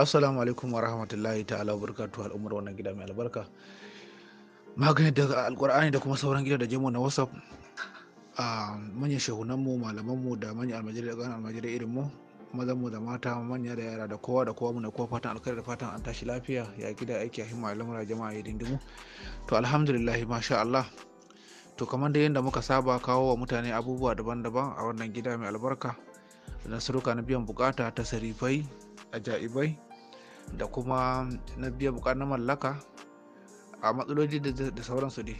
assalamu alaikum wa rahmatullahi ta'ala wa al'ummar wannan gida mai albarka magani daga alkur'ani da kuma sauran gida da jemo na whatsapp a ah, manyan shahunanmu mu da manyan almajiri da ganin almajiri irin mu mazan mu da mata manya da yara da kowa da kowa mu da kowa fatan alkhairi da fatan an tashi lafiya ya gida aiki a himma lamura jama'a ya dindimu to alhamdulillah masha Allah to kamar da yadda muka saba kawo wa mutane abubuwa daban-daban a wannan gida mai albarka da suruka na biyan bukata ta sarifai ajaibai da kuma na biya buƙatar na mallaka a matsaloli da sauransu ne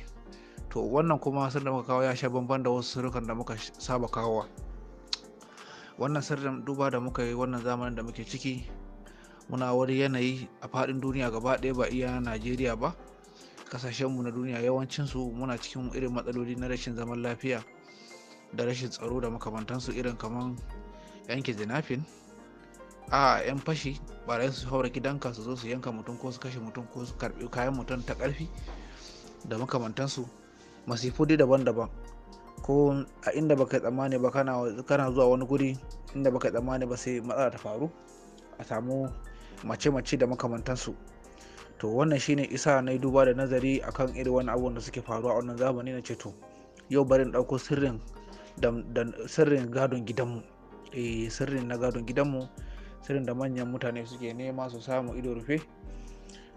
to wannan kuma sirrin da muka kawo ya sha bamban da wasu sirrukan da muka saba kawowa wannan sirrin duba da muka yi wannan zamanin da muke ciki muna wani yanayi a faɗin duniya gaba ɗaya ba iya najeriya ba kasashen mu na duniya yawancinsu muna cikin irin matsaloli na rashin zaman lafiya da rashin tsaro da makamantansu irin kamar yanke zinafin a yan fashi barayin su haura gidanka su zo su yanka mutum ko su kashe mutum ko su karbi kayan mutum ta karfi da makamantansu masifu dai daban-daban ko a inda baka yi tsammani ba kana zuwa wani guri inda baka yi tsammani ba sai matsala ta faru a samu mace-mace da makamantansu to wannan shine isa na duba da nazari akan irin wani abubuwan da suke faruwa a wannan zamani na ceto yau barin ɗauko sirrin sirrin gadon gidanmu eh sirrin na gadon gidanmu sirrin da manyan mutane suke nema su samu ido rufe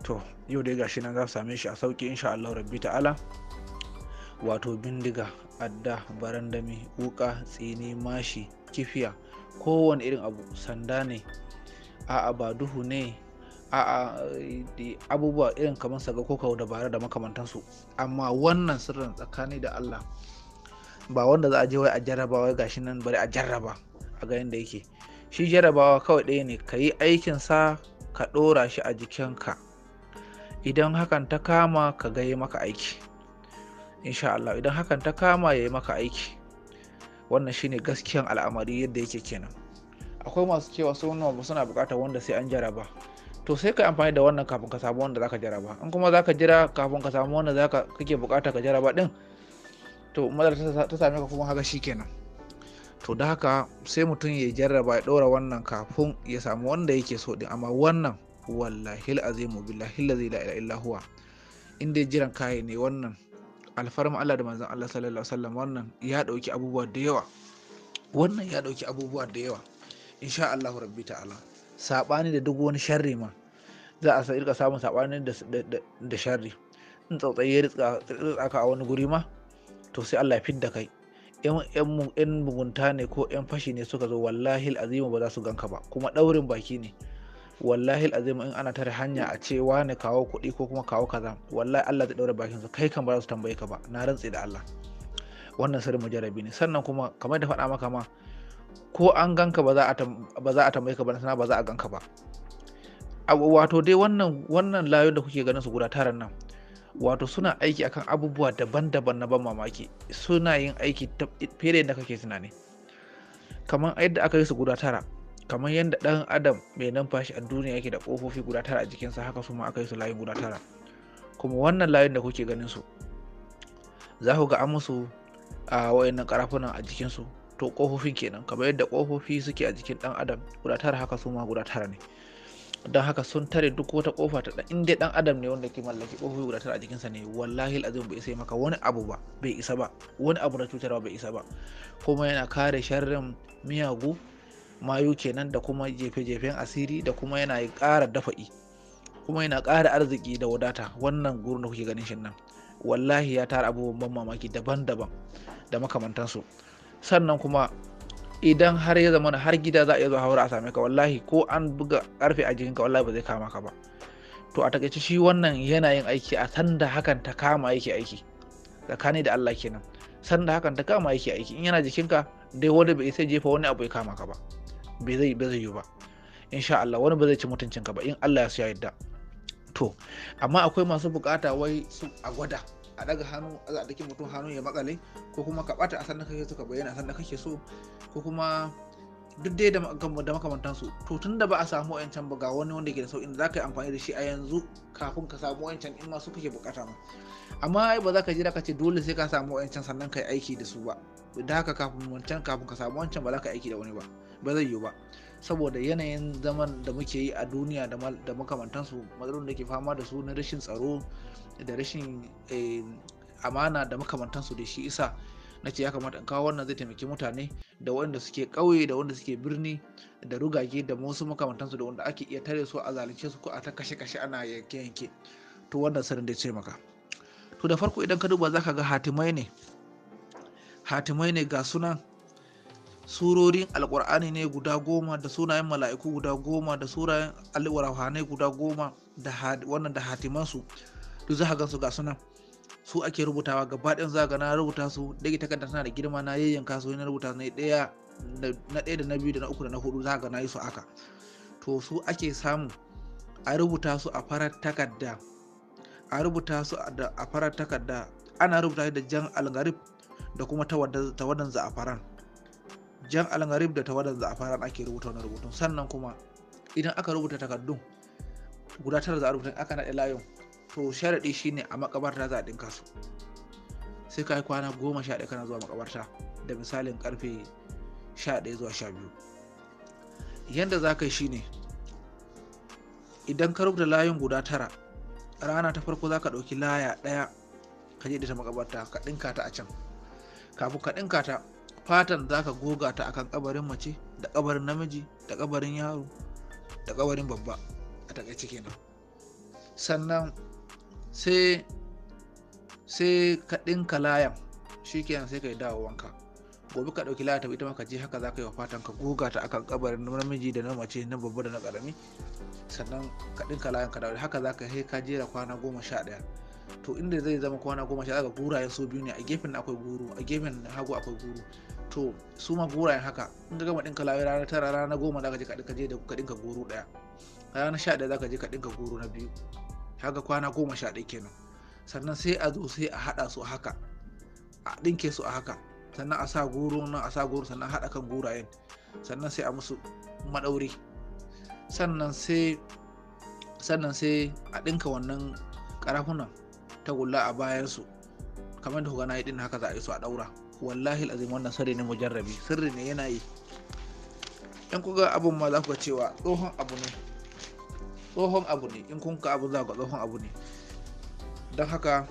to yau dai gashi nan za su same shi a sauki insha Allah rabbi ta'ala wato bindiga adda barandami wuka tsini mashi kifiya kowane irin abu sanda ne a'a ba duhu ne a'a abubuwa irin kamar saga ko dabara da makamantansu amma wannan sirrin tsakani da Allah ba wanda za a je wai a jarraba wai gashi nan bari a jarraba a ga yadda yake shi jarabawa kawai ɗaya ne ka yi aikinsa ka ɗora shi a jikinka idan hakan ta kama ka ga yi maka aiki insha Allah idan hakan ta kama ya yi maka aiki wannan shine gaskiyan al'amari yadda yake kenan akwai masu cewa sun suna bukatar wanda sai an jaraba to sai ka amfani da wannan kafin ka samu wanda zaka jaraba in kuma zaka jira kafin ka samu wanda zaka kake bukata ka jaraba din to madar ta same ka kuma haka shikenan to da haka sai mutum ya jarraba ya ɗora wannan kafin ya samu wanda yake so din amma wannan wallahi azimu billahi la ila illa huwa inda jiran kai ne wannan alfarma Allah da manzon Allah sallallahu alaihi wasallam wannan ya dauki abubuwa da yawa wannan ya dauki abubuwa da yawa insha Allah rabbi ta'ala sabani da duk wani sharri ma za a irka samun sabani da sharri in tsautsayi ya rika a wani guri ma to sai Allah ya fidda kai 'yan mugunta ne ko 'yan fashi ne suka zo wallahi azima ba za su ganka ba kuma ɗaurin baki ne wallahi azimu in ana tare hanya a cewa ne kawo kuɗi ko kuma kawo kaza wallahi Allah zai ɗaure bakin su kai kan ba za su tambaye ka ba na rantse da Allah wannan sirrin mujarabi ne sannan kuma kamar da faɗa maka ma ko an ganka ba za a tambaye ka ba na ba za a ganka ba wato dai wannan wannan da kuke ganin su guda taran nan wato suna aiki akan abubuwa daban-daban na ban mamaki suna yin aiki fere da kake tunani kamar yadda aka yi su guda tara kamar yadda ɗan adam mai numfashi a duniya yake da kofofi guda tara a jikinsa haka su ma aka yi su layin guda tara kuma wannan layin da kuke ganin su za ku ga an musu a wayannan karafunan a jikinsu to kofofin kenan kamar yadda kofofi suke a jikin dan adam guda tara haka su ma guda tara ne don haka sun tare duk wata kofa ta dan inda dan adam ne wanda ke mallaki kofofi guda tara a jikinsa ne wallahi alazim bai isa maka wani abu ba bai isa ba wani abu na cutarwa bai isa ba kuma yana kare sharrin miyagu mayu kenan da kuma jefe-jefen asiri da kuma yana ƙara dafa'i kuma yana ƙara arziki da wadata wannan gurin da kuke ganin shin nan wallahi ya tara abubuwan ban mamaki daban-daban da makamantansu sannan kuma idan har ya zama har gida za a iya zuwa haura a same ka wallahi ko an buga karfe a jikinka wallahi ba zai kama ka ba to a takaice shi wannan yana yin aiki a sanda hakan ta kama yake aiki tsakani da Allah kenan sanda hakan ta kama yake aiki in yana jikinka dai wani bai sai jefa wani abu ya kama ka ba bai zai ba zai yi ba insha Allah wani ba zai ci mutuncinka ba in Allah ya su ya yadda to amma akwai masu bukata wai su a gwada a daga hannu a daki mutum hannu ya makale ko kuma ka bata a sannan kake so ka bayyana a sannan kake so ko kuma duk dai da su to tun da ba a samu wancan ba ga wani wanda ke da sauƙin da za ka yi amfani da shi a yanzu kafin ka samu wancan in masu kake bukata ma amma ai ba za ka jira ka ce dole sai ka samu wancan sannan ka yi aiki da su ba da haka kafin wancan kafin ka samu wancan ba za ka aiki da wani ba ba zai yiwu ba saboda yanayin zaman da muke yi a duniya da makamantansu matsalolin da ke fama da su na rashin tsaro da rashin eh, amana da makamantansu da shi isa na ce ya kamata in kawo wannan zai taimaki mutane da waɗanda suke ƙauye da wanda suke birni da rugage da wasu makamantansu da wanda ake iya tare su a zalunce su ko a ta kashe-kashe ana yanke-yanke to wannan sanin da ya taimaka to da farko idan ka duba ka ga hatimai ne hatimai ne ga sunan surorin alkur'ani ne guda goma da sunayen mala'iku guda goma da surayen alwarhanai guda goma da wannan da hatimansu duk za gansu ga sunan su ake rubutawa gaba ɗayan za ga na rubuta su ɗage takardar tana da girma na yayyan su na rubuta na ɗaya na ɗaya da na biyu da na uku da na hudu za ga na yi su aka to su ake samu a rubuta su a farar takarda a rubuta su a farar takarda ana rubuta da jan algarib da kuma ta a za'afaran jan algarib da tawadar za'afaran ake rubuta wani rubutun sannan kuma idan aka rubuta takardun guda tara za a rubuta aka naɗe layon to sharaɗi shine a makabarta za a ɗinka su sai ka yi kwana goma sha ɗaya kana zuwa makabarta da misalin karfe sha ɗaya zuwa sha biyu yadda za ka yi shine idan ka rubuta layin guda tara rana ta farko za ka ɗauki laya ɗaya ka je ta makabarta ka ɗinka ta a can kafin ka ɗinka ta fatar da zaka goga ta akan kabarin mace da kabarin namiji da kabarin yaro da kabarin babba a takaice kenan sannan sai sai ka ɗinka layan shi kenan sai ka yi dawo wanka gobe ka ɗauki layan tafi ita maka je haka za ka yi wa fatan ka goga ta akan kabarin namiji da na mace na babba da na ƙarami sannan ka ɗinka layan ka dawo haka za ka yi ka jera kwana goma sha ɗaya to inda zai zama kwana goma sha daga gurayen su biyu ne a gefen na akwai guru a gefen hagu akwai guru to su ma gurayen haka in ka gama ɗinka lawi rana tara rana goma za ka je ka je da ka guru ɗaya rana sha ɗaya za ka je ka guru na biyu haka kwana goma sha ɗaya kenan sannan sai a zo sai a haɗa su haka a ɗinke su a haka sannan a sa guru na a sa guru sannan haɗa kan gurayen sannan sai a musu maɗauri sannan sai sannan sai a ɗinka wannan ƙarafunan tagulla a bayansu kamar da kuka na yi din haka za a yi su a daura wallahi lazim wannan sirri ne mujarrabi sirri ne yana yi in kuka abun ma za ku cewa tsohon abu ne tsohon abu ne in kun ka abu za ku tsohon abu ne don haka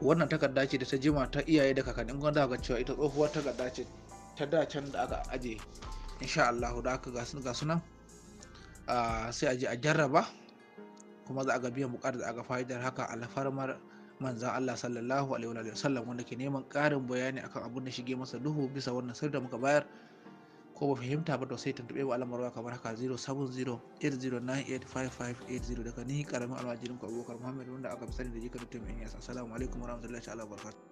wannan takarda ce da ta jima ta iyaye da kakanni kun za ku cewa ita tsohuwar takarda ce ta dacen da aka aje insha Allah da aka ga sunan ah, sai a je a jarraba kuma za a ga biyan bukatar da aka fa'idar haka alfarmar manzan Allah sallallahu alaihi wa sallam wanda ke neman karin bayani akan abun da shige masa duhu bisa wannan sirri da muka bayar ko ba fahimta ba to sai tuntube mu alamar kamar haka 07080985580 daga ni karamin almajirin ku abubakar muhammad wanda aka fi sani da jikar mutum yasa assalamu alaikum warahmatullahi wa wabarakatuh